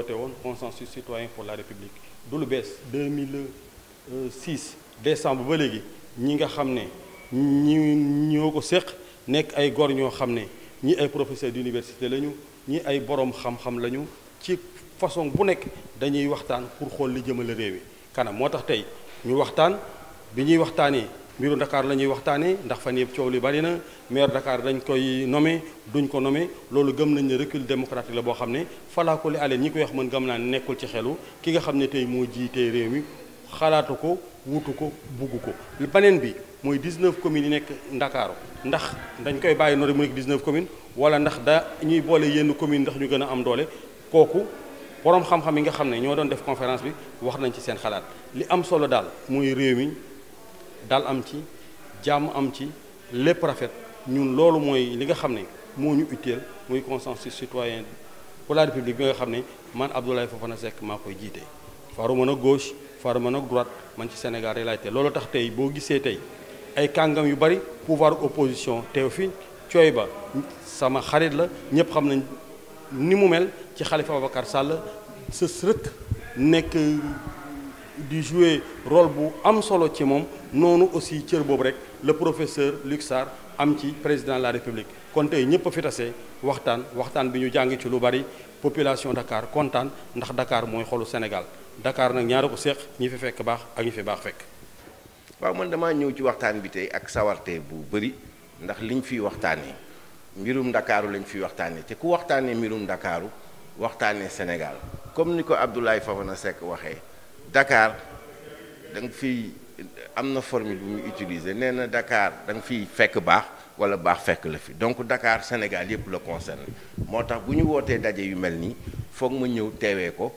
woote woon consensus citoyen pour la république du lu bees 2006 décembre ba léegi ñi nga xam ne ñi ñoo ko séq nekk ay góor ñoo xam ne ñi ay professeur d'université lañu ñi ay boroom xam-xam lañu ci façon bu nekk dañuy waxtaan pour xool li jëmale réew mi kanam moo tax tey ñu waxtaan bi ñuy waxtaanee. mbiru Dakar la ñuy waxtaanee ndax fan yëpp coow li bari na maire Dakar dañ koy nommé duñ ko nommé loolu gëm nañ ne recul démocratique la boo xam ne falaakuli ale ñi ko wax mën gëm naa nekkul ci xelu ki nga xam ne tey moo jiitee réew mi xalaatu ko wutu ko bugg ko beneen bi mooy 19 communes yi nekk Ndakaaru ndax dañ koy bàyyi noonu mu nekk 19 commune wala ndax da ñuy boole yenn commune ndax ñu gën a am doole kooku borom xam-xam yi nga xam ne ñoo doon def conférence bi wax nañ ci seen xalaat li am solo daal mooy réew mi dal am ci jàmm am ci lépp rafet ñun loolu mooy li nga xam ne moo ñu utile muy consensus citoyen pour la république bi nga xam ne man Abdoulaye Fofana Seck maa koy jiite faru mën a gauche faru mën a droite man ci Sénégal rek laay te tax tey boo gisee tey ay kàngam yu bari pouvoir opposition teew fi cooy ba sama xarit la ñëpp xam nañ ni mu mel ci Khalifa Ababacar Sall sës rëkk nekk di jouer role bu am solo ci moom noonu aussi cër boobu rek le professeur Luc Sarr am ci président la république kon tey ñëpp a fi tase waxtaan waxtaan bi ñu jàng ci lu bari population Dakar kontaan ndax Dakar mooy xolu Sénégal dakaar nag ñaari ko seq ñi fi fekk baax ak ñi fi baax fekk. waaw man damaa ñëw ci waxtaan bi tey ak sawarte bu bëri ndax liñ fiy waxtaanee mbirum ndakaaru lañ fiy waxtaanee te ku waxtaanee mbirum ndakaaru waxtaanee Sénégal comme ni ko Abdoulaye Fofana Seck waxee. dakaar da nga fiy am na formule bu muy utiliser nee na Dakar da nga fiy fekk baax wala baax fekk la fi donc Dakar Sénégal yëpp la concerne moo tax bu ñu wootee daje yu mel nii foog ma ñëw teewee ko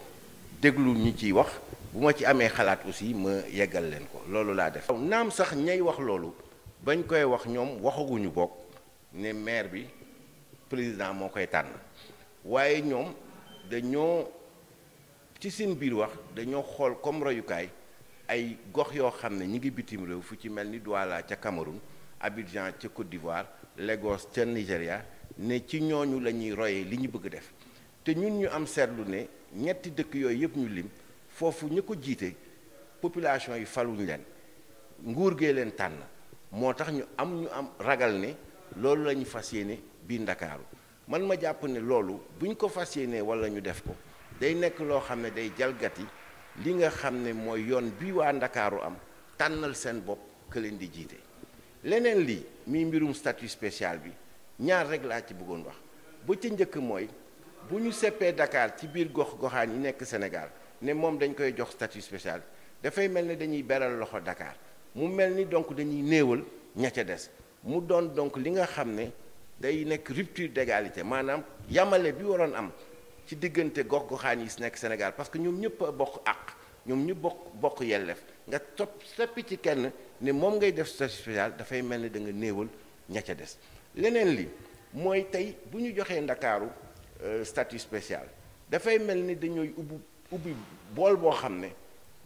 déglu ñu ciy wax bu ma ci amee xalaat aussi ma yeggal leen ko loolu laa def. naam sax ñay wax loolu bañ koy wax ñoom waxaguñu bokk ne maire bi président moo koy tànn waaye ñoom dañoo. ci seen biir wax dañoo xool comme royukaay ay gox yoo xam ne ñi ngi bitim réew fu ci mel ni Douala ca Cameroun Abidjan ca Côte d'Ivoire Lagos ca Nigéria ne ci ñooñu la ñuy royee li ñu bëgg def te ñun ñu am seetlu ne ñetti dëkk yooyu yëpp ñu lim foofu ñu ko jiite population yi faluñ leen nguur gee leen tànn moo tax ñu am ñu am ragal ne loolu la ñu fas yéene biir Ndakaaru man ma jàpp ne loolu bu ñu ko fas yéenee wala ñu def ko day nekk loo xam ne day jalgati li nga xam ne mooy yoon bi waa ndakaaru am tànnal seen bopp que leen di jiite leneen lii mi mbirum statut spécial bi ñaar rek laa ci bëggoon wax bu ca njëkk mooy bu ñu seppee dakaar ci biir gox goxaan yi nekk Sénégal ne moom dañ koy jox statut spécial dafay mel ni dañuy beral loxo dakaar mu mel ni donc dañuy néewal ña ca des mu doon donc li nga xam ne day nekk rupture d'égalité maanaam yamale bi waroon am ci diggante gox goxaan yi si nekk Sénégal parce que ñoom ñëpp a bokk àq ñoom ñu bokk bokk yellef nga topp seppi ci kenn ne moom ngay def statut spécial dafay mel ni da nga néewal ña ca des leneen li mooy tey bu ñu joxee ndakaaru euh, statut spécial dafay mel ni dañooy ubbi ubbi bool boo xam ne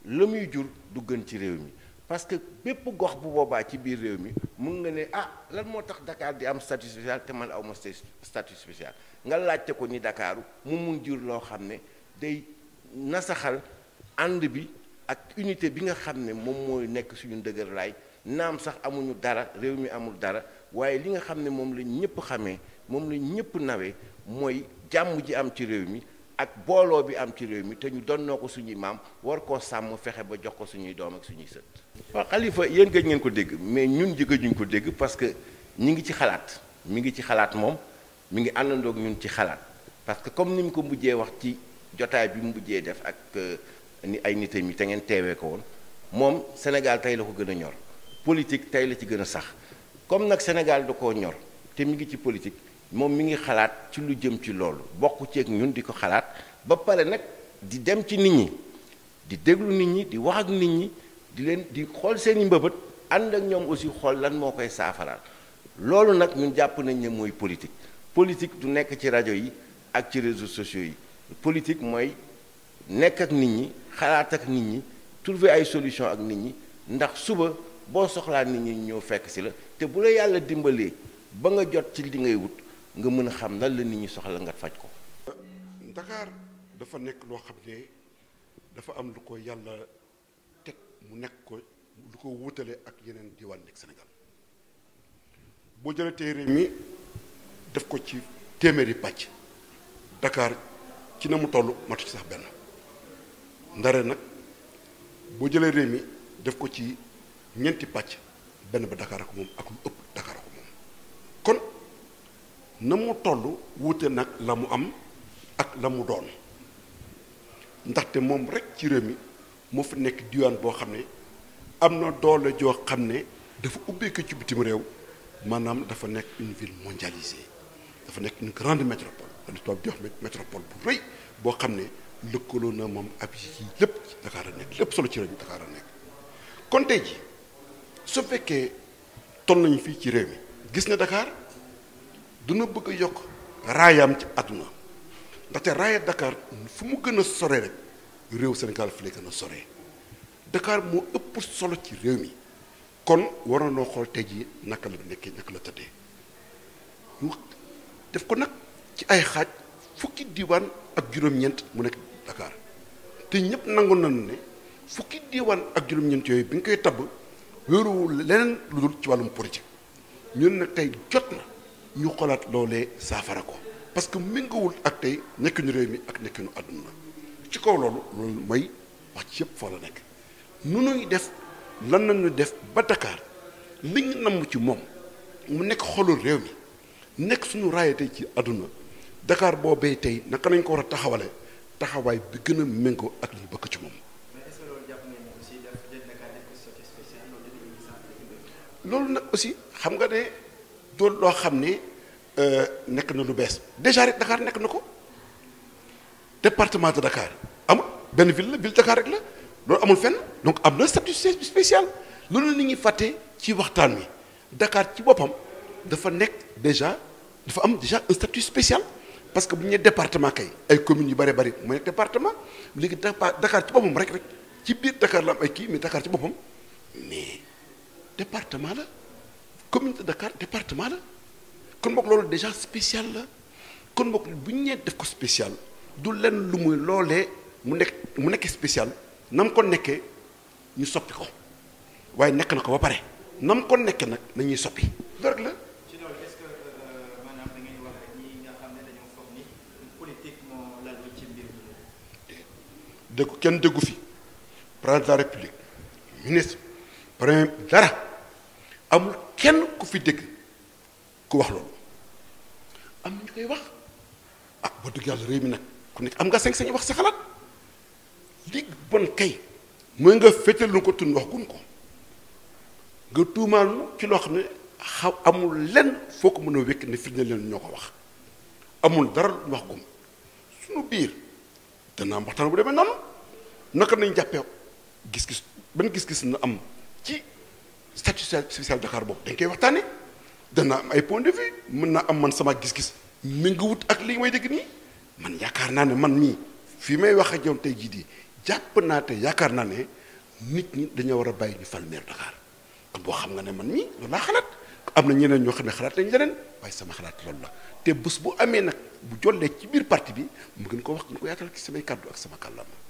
la muy jur du gën ci réew mi parce que bépp gox bu boobaa ci biir réew mi mun nga ne ah lan moo tax dakaar di am statut spécial te man aw ma statut nga laajte ko ni Dakaaru mu mun jur loo xam ne day nasaxal ànd bi ak unité bi nga xam ne moom mooy nekk suñu dëgër laay naam sax amuñu dara réew mi amul dara waaye li nga xam ne moom lañ ñëpp xamee moom lañ ñëpp nawe mooy jàmm ji am ci réew mi ak booloo bi am ci réew mi te ñu donnoo ko suñuy maam war koo sàmm fexe ba jox ko suñuy doom ak suñuy sët. waaw xalifa yéen gëj ngeen ko dégg mais ñun jëgg ñu ko dégg parce que ñu ngi ci xalaat mi ngi ci xalaat moom mi ngi àndandoo ñun ci xalaat parce que comme ni mu ko mujjee wax ci jotaay bi mu mujjee def ak euh, ni ay nitam yi te ngeen teewee ko woon moom Sénégal tey la ko gën a ñor politique tey la ci gën a sax comme nag Sénégal da ko ñor te mi ngi ci politique. moom mi ngi xalaat ci lu jëm ci loolu bokk ci ak ñun di ko xalaat ba pare nag di dem ci nit ñi di déglu nit ñi di wax ak nit ñi di leen di xool seeni mbëbët ànd ak ñoom aussi xool lan moo koy saafaraal loolu nag ñun jàpp nañ ne mooy politique politique du nekk ci rajo yi ak ci réseaux sociaux yi politique mooy nekk ak nit ñi xalaat ak nit ñi trouver ay solution ak nit ñi ndax suba boo soxlaa nit ñi ñëw fekk si la te bu la yàlla dimbalee ba nga jot ci li ngay wut nga mën a xam lan la nit ñu soxla nga faj ko. ndakaar dafa nekk loo xam ne dafa am lu ko yàlla teg mu nekk ko lu ko wutale ak yeneen diwaan nekk senegal boo jëlee téere mi def ko ci téeméeri pàcc dakaar ci na mu toll matu ci sax benn ndare nag boo jëlee réew mi def ko ci ñeenti pàcc benn ba dakaara ko moom ak lu ëpp Dakar ko moom kon. na mu toll wuute nag la mu am ak la mu doon ndaxte moom rek ci réew mi moo fi nekk diwaan boo xam ne am na doole joo xam ne dafa ubbeeku ci bitim réew maanaam dafa nekk une ville mondialisée dafa nekk une grande métropole li tubaab di wax métropole bu rëy boo xam ne lëkkaloo na moom ab yi lépp ci a nekk lépp solo ci réew mi Dakar kon tey ji su fekkee toll nañu fii ci réew mi gis nga Dakar duna bëgg a yokk raayaam ci àdduna ndaxte raaya Dakar fu mu gën a sore rek réew senegal fi lay gën a sore Dakar moo ëpp solo ci réew mi kon war na xool tey jii naka la nekkee naka la tëddee def ko nag ci ay xaaj fukki diwaan ak juróom-ñeent mu nekk Dakar te ñëpp nangu nañu ne fukki diwaan ak juróom-ñeent yooyu bi nga koy tabb wéeruwul leneen lu dul ci wàllum politique ñun nag tey jot na. ñu xolaat loolee saafara ko parce que méngoowul ak tey nekkinu réew mi ak nekkinu àdduna ci kaw loolu loolu mooy wax ci yëpp foo la nekk nu nuy def lan nañu def ba Dakar li ñu namm ci moom mu nekk xolul réew mi nekk suñu raaya tey ci àdduna Dakar boobee tey naka nañ ko war a taxawale taxawaay bi gën a méngoo ak li bëgg ci moom loolu nag aussi xam nga ne doon loo xam ni euh, nekk na lu bees déjà rek Dakar nekk na ko département de Dakar amul benn ville la ville Dakar rek la loolu amul fenn donc am na statut spécial loolu la nit fàtte ci waxtaan wi Dakar ci boppam dafa nekk déjà dafa am déjà un statut spécial parce que bu ñu nee département kay ay commune yu bari bari mu nekk département léegi Dakar ci boppam rek rek ci biir Dakar la am ay kii mais Dakar ci boppam mais département la. commune de Dakar département la kon boog loolu déjà spécial la kon boog bu ñu nee def ko spécial du lenn lu muy loolee mu nekk mu nekk spécial nam ko nekkee ñu soppi ko waaye nekk na ko ba pare nam ko nekkee nag nañuy soppi loolu rek la. Euh, dégg kenn déggu fi président de la république ministre premier dara amul kenn ku fi dégg ku wax loolu am na ñu koy wax ah ba dëgg yàlla réew mi nag ku nekk am nga sañ sañ wax sa xalaat li bon kay mooy nga féetal lu ko tun wax gun ko nga tuumaal ci loo xam ne xaw amul lenn foo ko mën a wékk ne firnde leen ñoo ko wax amul dara lu wax gum suñu biir dana am waxtaan bu demee noonu naka nañ jàppee gis-gis ban gis-gis na am ci statut spécial Dakar boobu dañ koy waxtaane danaa am ay point de vue mën naa am man sama gis-gis mi ngi wut ak li may dégg nii man yaakaar naa ne man mii fi may wax ak yow tey jii di jàpp naa te yaakaar naa ne nit ñi dañoo war a bàyyi ñu fal maire boo xam nga ne man mii loolu laa xalaat am na ñeneen ñoo xam ne xalaat lañ leneen waaye sama xalaat loolu la te bés bu amee nag bu jollee ci biir parti bi mu gën ko wax nu ko yaatal ci samay kàddu ak sama kàllaama